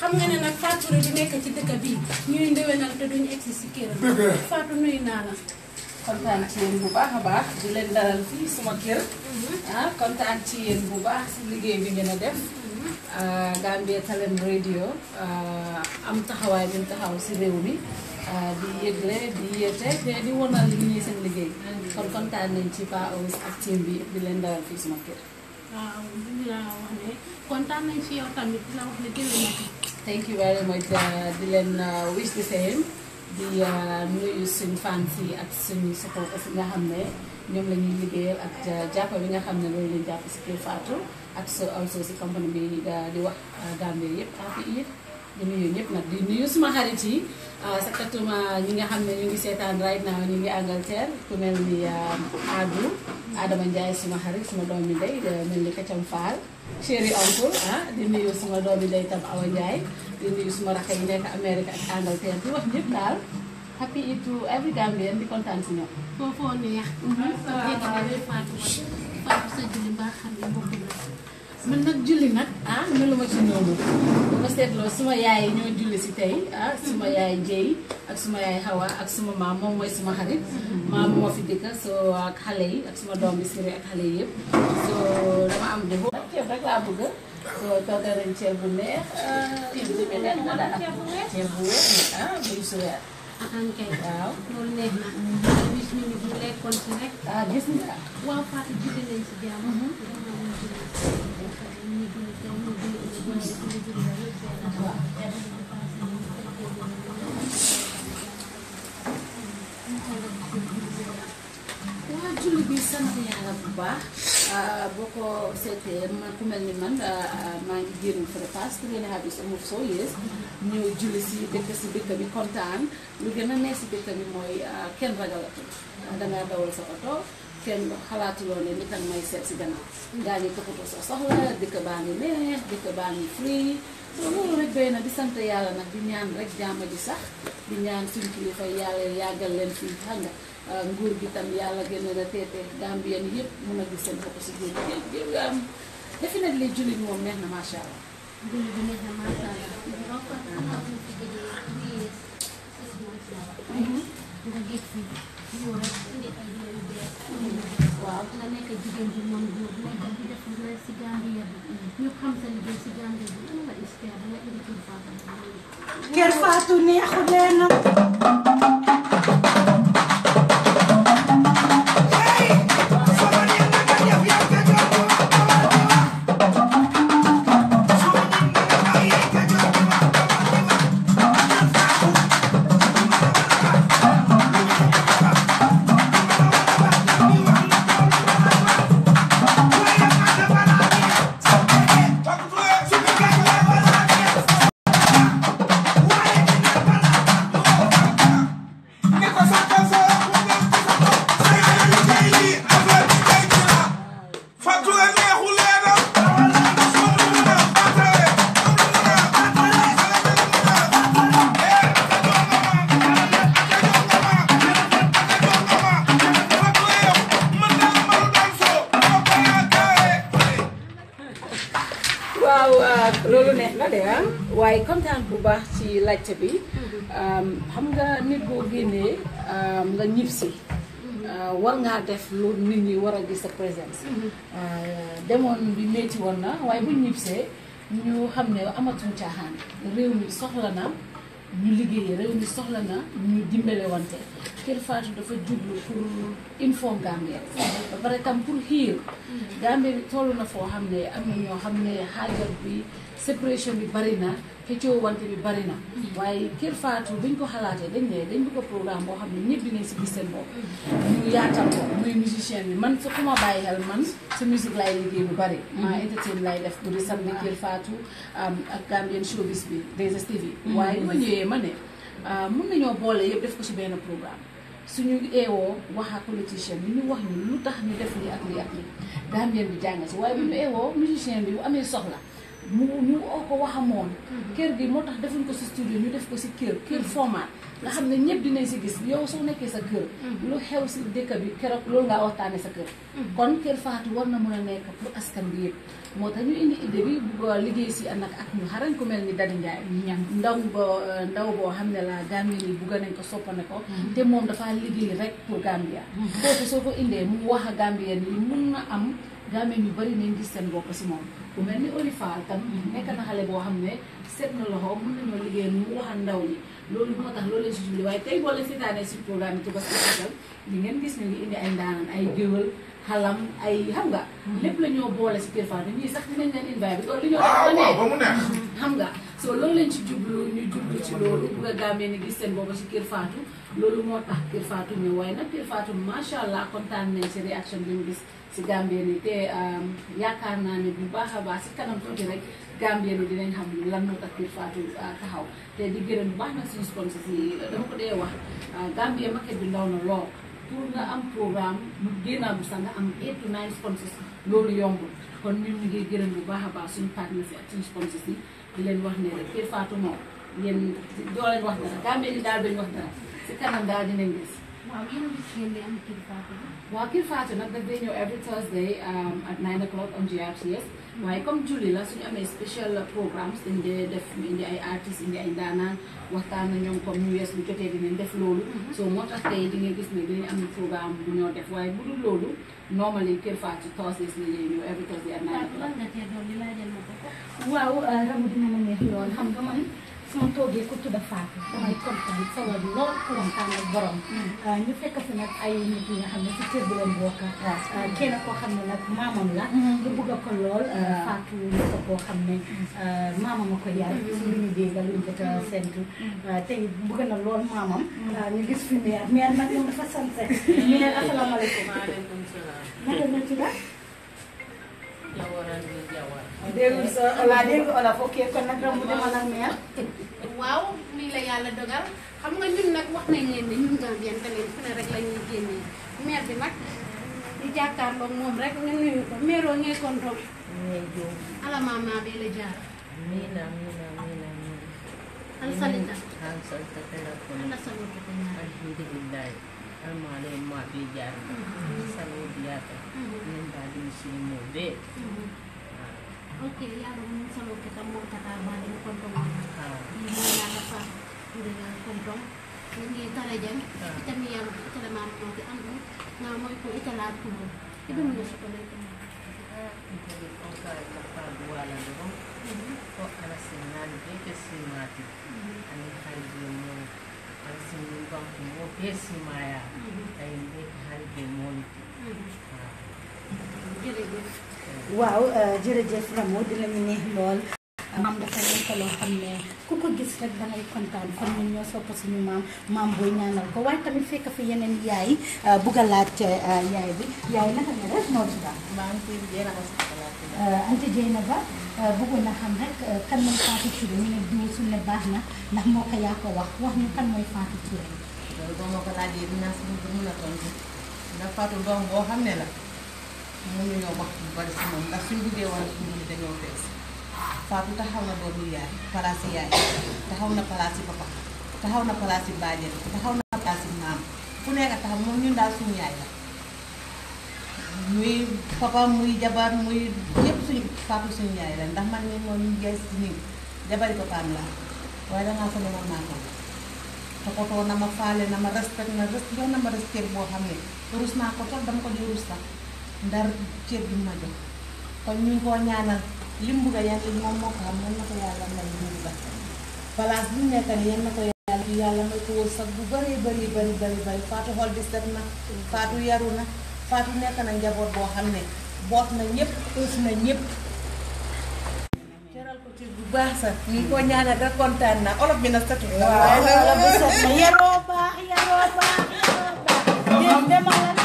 xam nga ne nag Fatou di nekk ci dëkk bi ñuy ndéwénal te duñ egsi si këram. dëgg nuyu naa la. kontaan ci yéen bu baax a baax di leen dalal fii suma kër. ah kontaan ci yéen bu baax si liggéey bi ngeen a def. Gambia Radio am taxawaay bi taxaw si réew mi di yëgle di yëte te di wonal ñuy seen liggéey. kon kontaan nañ ci Pa ak bi di leen dalal fii suma kër. waaw li ñu la wax ne kontaan nañ ci yow ya tamit di la wax ne Thank you very much, uh, Dylan. Uh, wish the same. di nuyu sun fancy at sun support supporters nga hamne. Nyom ñoom la ñuy liggéeyal ak uh, jàpp nga hamne lo loolu lañ jàpp si Kër Fatou ak so also si company bi uh, di wax uh, Gambie yep happy yep. di nuyu yep na di nuyu suma xarit yi surtout ñi nga hamne ne ñu ngi seetaan right now ñu ngi Angleterre ku mel ni Adou Adama Ndiaye suma xarit suma doomi ndey mel ni Kacam Fall chéri oncle ah di nuyu suma doom day tam Awa Ndiaye di nuyu suma rakk yi nekk Amérique ak Angleterre di wax ñëpp daal happy it to every Gambian di kontaan si ñoom. foofoo neex. waaw mhm. sa julli baax xam ne bokk man nag julli nag ah meluma ci noonu bu seetloo suma yaay ñoo julli si tey ah suma yaay Jéy ak suma yaay Hawa ak suma maam moom mooy suma xarit maam moo fi dëkk ak xale yi ak suma doom siri ak xale yëpp dama am de ceeb rek laa bëgg soo togga nañ ceeb bu neex ah, ceeb bu weex ah muy suweer ankay waaw loolu ah gis nga waaw Fatou si sant yàlla bu baax euh, boo ko seetee man ku mel ni man euh, maa ngi génn for the past three and a half years almost julli si dëkk si dëkk bi kontaan lu gën a neex si dëkk bi mooy euh, kenn ragalatu dangaa dawal sa oto kenn xalaatuloo ne nit ak may seet si gannaaw ngaa baa ngi free soo loolu rek doy na di sant yàlla nag di ñaan rek jàmm ji sax di ñaan suñ kilifa yàlla yàggal leen fii xam nga Euh, nguur gi tam yàlla gën a teete Gambien yëpp mun a gis seen bopp si géej géej géej gi am um, defe naa li jullit moom neex na macha allah. jullit na bu baax ci laajte bi mhm. euh, xam nga nit boo génnee euh, nga ñib euh, war ngaa def loolu nit ñi war a gis sa présence mhm. demoon bi métti woon na waaye bu ñibbisee ñu xam ne amatuñ caaxaan réew mi soxla na ñu liggéeyee réew mi soxla na ñu dimbale Kër Fatou dafa jublu pour informer Gambia ba pare tam pour xiir Gambia bi na foo xam ne am na ñoo xam ne xaajal bi séparation bi bari na xëccoo wante bi bari na waaye Kër Fatou buñ ko xalaatee dañ ne dañ bëgg programme boo xam ne ñëpp dinañ si gis seen bopp ñu muy musicien bi man su ma bàyyi xel man sa musique laay liggéey bu bari maa entertain laay def bu di samedi Kër Fatou ak Gambian showbiz bi 2STV mm-hmm. waaye li ma ñëwee ma ne ah, mën nañoo boole yëpp def ko si benn programme suñu eewoo wax ak politicien bi ñu wax ñu lu tax ñu def lii ak lii ak lii Gambien bi jàng si waaye bu ñu eewoo musicien bi bu amee soxla mu ñu oo ko waxamoon kër gi moo tax defuñ ko si studio ñu def ko si kër kër format nga xam ne ñëpp dinañ si gis yow soo nekkee sa kër mm-hmm. lu xew si dëkk bi keroog loolu ngaa waxtaane sa kër mm-hmm. kon kër Fatou war na mën a nekk pour askan bi yëpp moo tax ñu indi idée liggéey si nag ak ñu xarañ ku mel ni Dadi Ndiaye mm-hmm. ndaw ba ndaw boo xam ne la Gambie nii bugg nañ ko soppane ko te moom dafa liggéey rek pour Gambia kooku soo ko indee mu wax a Gambien yi mun na am Gambien yu bëri nañ gis seen bopp si moom bu ni Oly Fall xale boo xam ne seet na loxo mën nañoo liggéey mu ndaw loolu moo tax loolu si jubli waaye tey boo leen seetaanee si programme Toubaski Special di ngeen gis ne indi ay ndaanaan ay géwël xalam ay xam nga lépp la boole si Kër Fatou ñii sax dinañ leen invité bi li ñoo def xam nga so loolu lañ ci jublu ñu jublu ci loolu bu nga gàmmee ni gis seen boobu si Kër Fatou loolu moo tax Kër faatu ñëw waaye nag Kër Fatou macha allah kontaan nañ si réaction bi mu gis ci Gambien yi te um, yaakaar naa ne bu baax a baax si kanam tuuti rek Gambien yi dinañ xam lan moo tax Pire Fatou uh, taxaw te di gërëm bu baax nag suñu sponsor yi dama ko dee wax uh, Gambien market bi ndaw na lool pour nga am programme mu génnaagu sax nga am eight to nine sponsors loolu yombul kon ñun ñu ngi gërëm bu baax a baax suñu partenaires yi ak suñu sponsors si di leen wax ne rek Pire Fatou moom ngeen doo leen wax dara Gambien yi daal dañ wax dara si kanam daal dinañ waaw yéen a ngi si yéen am Kër Fatou. waaw Kër Fatou nag daf day ñëw every Thursday um, at 9 o'clock on GRTS. waaye comme julli la suñu amee special programmes dañ dee def ñu indi ay artistes indi ay ndaanaan waxtaan na ñoom comme ñu wees lu jotee dinañ def loolu. Mm-hmm. so moo tax tey di nga gis ne dinañ am programme bu ñoo def waaye bu dul loolu normally Kër Fatou Thursdays la ñuy ñëw every Thursday at 9 o'clock. waaw lan euh, dina ma neex lool xam nga man. su ma toogee ku tudd Fatou. damay kontaan sawar lool kontaan ak borom. Mm. Euh, ñu fekk fi nag ay nit ñi nga xam ne ci kër bi la bokk. Ah, euh, ah. kenn koo mm-hmm. ko lool. Ah. Euh, Fatou ñu ko xam ne mm-hmm. maamam a ko yar. lu mm-hmm. ñu dégg lu ñu jot a tey bëgg na lool maamam. ñu gis fi meer meer nag moom dafa sant. ñu ne asalaamaaleykum. maaleykum salaam. naka nga ci jawaral bi jawar. déglu sa wala déglu olof ok kon nag ram bu demoon ak meer. waaw lii la yàlla dogal xam nga ñun nag wax nañ leen ne ñun Gambien leen fu ne rek la ñuy génnee meer bi nag di jàkkaarloog moom rek nga nuyu ko meeroo ngay kontoon. ngay jóg alamaam naa bee la jaar. mii naa mii naa mii Mm-hmm. selalu मारे जा सलोदियात si सिमुदे Oke, ya belum selalu kita mau kata balik kontrol. Ah. Ini yang apa? Dengan kontrol. Ini ah. kita lejang. Kita yang kita lemah mau ke anu. Nah mau ah. itu kita laku. Itu menurut sekolah itu. Kita di kontrol kita dua lagi. Kok karena kesini mati, sinati. Mm-hmm. Ani kayak maaya tey waaw jërëjëf Ramo dina neex lool maam dafa nekk loo xam ne ku ko gis rek da kontaan kon ñun ñoo sopp suñu maam maam booy ñaanal ko waaye tamit fekk fi yeneen yaay bugg laaj yaay bi yaay naka nga def noo tudda. maa ngi Euh, bëggoon na xam rek euh, kan mooy Fatou Touré ñu ne diw su ne baax na ndax moo ko yaa ko wax wax ñu kan mooy Fatou Touré. loolu a tontu ndax Fatou doom boo xam ne la mënuñoo wax lu bari si moom ndax suñ buggee woon suñu mbir dañoo fees Fatou taxaw na doomu yaay palaas yi yaay taxaw na palaas yi papa taxaw na palaas yi fu nekk taxaw moom ñun daal suñu yaay muy papa muy jabar muy yëpp suñu papa suñu yaay la ndax man moom ñu gees ni jabari papaam la waaye dangaa ko demoon naa ko toppatoo na ma faale na ma respect na respect boo xam ne rus naa ko sax dama ko jurus sax ndar cër bi ma jox kon ñu koo ñaanal li bugg a yàlla moom moo ko xam yan na ko yàlla may li mu a place bu nekk nii ko yàlla may ko wërsëg bu bëree bëri bëri bëri bëri Fatou xol bi yaru na Fatou nekk na njaboot boo xam ne boot na ñëpp uuf na ñëpp. jaral ko ci bu baax sax. ñu ko ñaanal da kontaan naa olof bi na sëtul. waaw waaye nag la bu sëb. yaroo baax yaroo baax yaroo baax.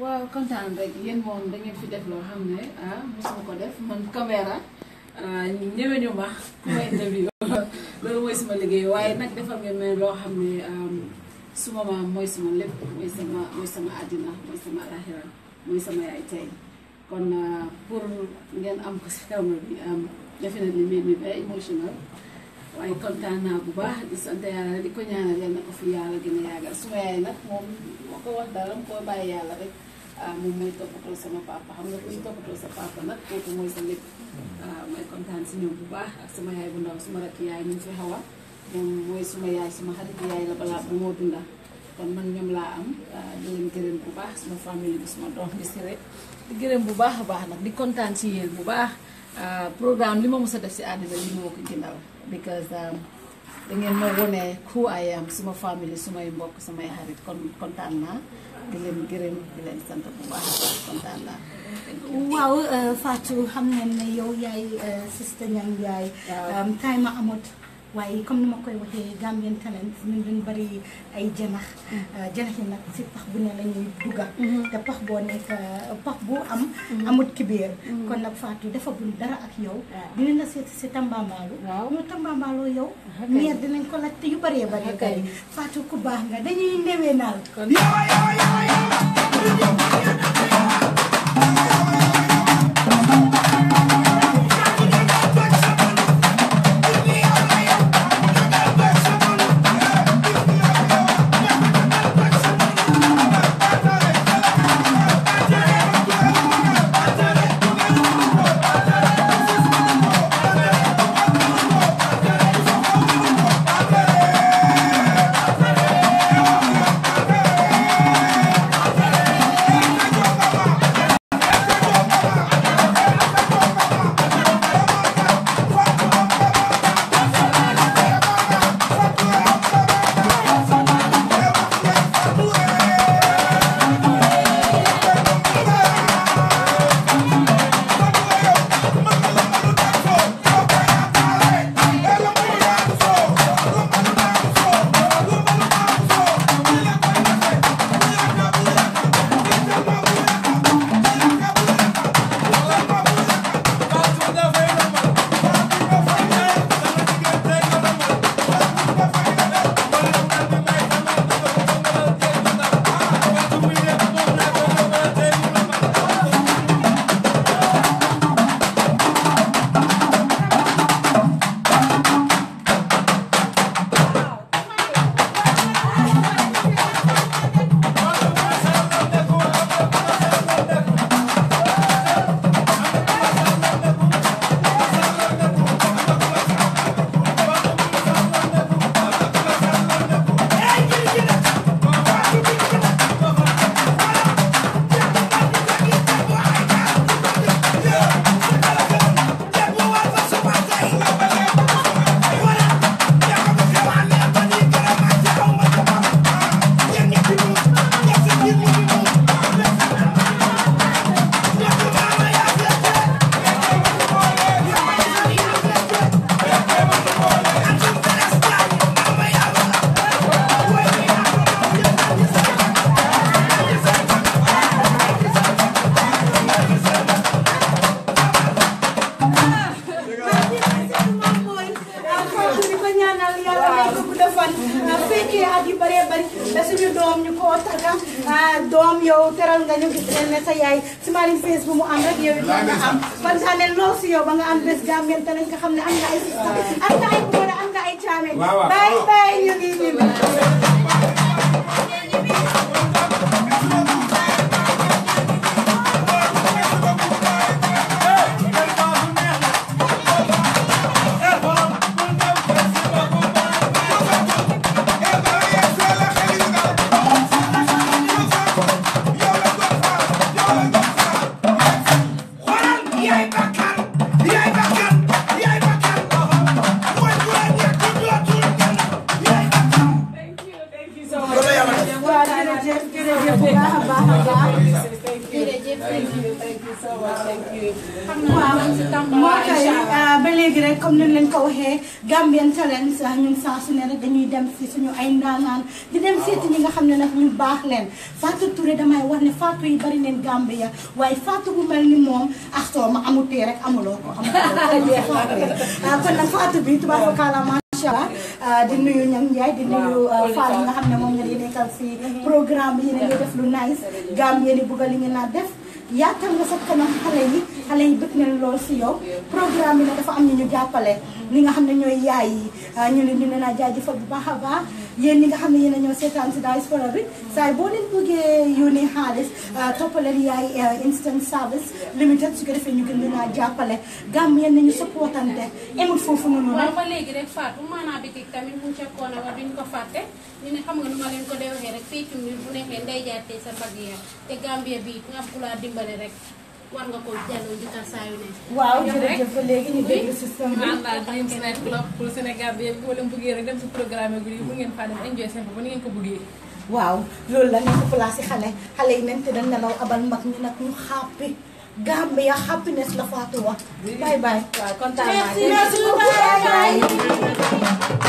waaw kontaan rek yéen moom da ngeen fi def loo xam ne ah mosuma ko def man caméra ah, ñëwee ñu ma ku may interview mooy suma liggéey waaye nag defal ngeen loo xam ne mooy suma lépp mooy sama mooy mooy sama alaxira mooy sama yaay tey kon ah, pour ngeen am ko si caméra bi defe na ni mel ni ba waaye kontaan naa bu baax di sant yàlla di ko ñaanal yal na ko fi yàlla gën a yàggal suma yaay nag moom moo ko wax dara mu bàyyi yàlla rek ah moom may toppatoo sama papa xam nga kuy toppatoo sa papa nag kooku mooy sa lépp. Ah, may kontaan si ñoom bu baax ak sama yaay bu ndaw suma rakk yaay ñu fi xaw a moom mooy suma yaay suma xarit yaay la balaa bu moo dunda kon man ñoom laa am ah, di leen bu baax suma famille bi suma doom bi si rek di gërëm bu baax a baax nag di kontaan si yéen bu baax ah, programme li ma mos a def si àddina li moo ko gënal because um, da ngeen ma wone who I am suma famille sumay mbokk sumay xarit kon kontaan naa di leen gërëm di leen sant bu baax kontaan euh, xam nañ ne yow yaay euh, sista Niang yaay. waaw um, time amat. waaye comme ni ma koy waxee Gambian Talents ñun duñ bari ay janax mm. janax yi nag si pax bu ne la ñuy dugga mm-hmm. te pax boo nekk euh, pax bu am mm-hmm. amut kibeer mm-hmm. kon nag Fatou dafa bul dara ak yow dinañ la seeti si Tambambalu ñu Tambambalu yow ah, meer dinañ ko laaj te yu bëree bari ah, kay Fatou ku baax nga dañuy newee naal ang nagyari na naam. Pansanin lo siyo, mga ambes gamyan talang kakam na ang nais. Ang nais mo na ang nais challenge. Bye-bye, Yugini. Bye-bye, Yugini. comme ni leen ko waxee Gambian Talents ñun saa su ne rek dañuy dem si suñu ay ndaanaan di dem ah, seeti ñi nga xam ne nag ñu baax leen Fatou Touré damay wax ne Fatou yi bari neen Gambia waaye Fatou bu mel ni moom ah soo ma amutee rek amuloo ko amuloo ko ah, kon nag Fatou bi tubaab kàllaama inchallah ah, di nuyu ñam Njaay di nuyu Fall nga xam ne moom nga di nekkal si mm-hmm. programme bi yéen a ngi def lu nice mm-hmm. Gambie ni bugg li ngeen naa def yaatal nga sa kanam xale yi xale yi bëgg nañ lool si yow programe bi nag dafa am ñu ñu jàppale. li nga xam ne ñooy yaay yi ah, ñu leen ñu nee naa jaajëfal bu baax a baax. yéen ñi nga xam ne yéen a ñoo seetaan si diaspora bi saay boo leen bëggee yónnee xaalis euh, toppaleen yaay euh, instant service limited su ko defee ñu gën leen a jàppale gàmm yéen nañu supportante amul foofu noonu waaw ba léegi rek Fatou maanaa bitik tamit mu cekkoon a wax ñu ko fàtte ñu ne xam nga nu ma leen ko dee rek fii ci mbir bu nekkee ndey jaay sa mbagg ya te Gambia bi nga am ku laa dimbale rek war nga ko delloo njëkkal saa yu ne. waaw jërëjëf ba léegi ñu déglu si sën bi. maanaam da ngeen si night club pour Sénégal bi yëpp boo leen bëggee rek dem si programme bi ba ni ngeen ko bëggee. waaw loolu la nekk place yi xale xale yi même te nelaw abal mag ñi nag ñu xàppi Gambia happiness la Fatou wax. bye bye. waaw kontaan naa merci merci beaucoup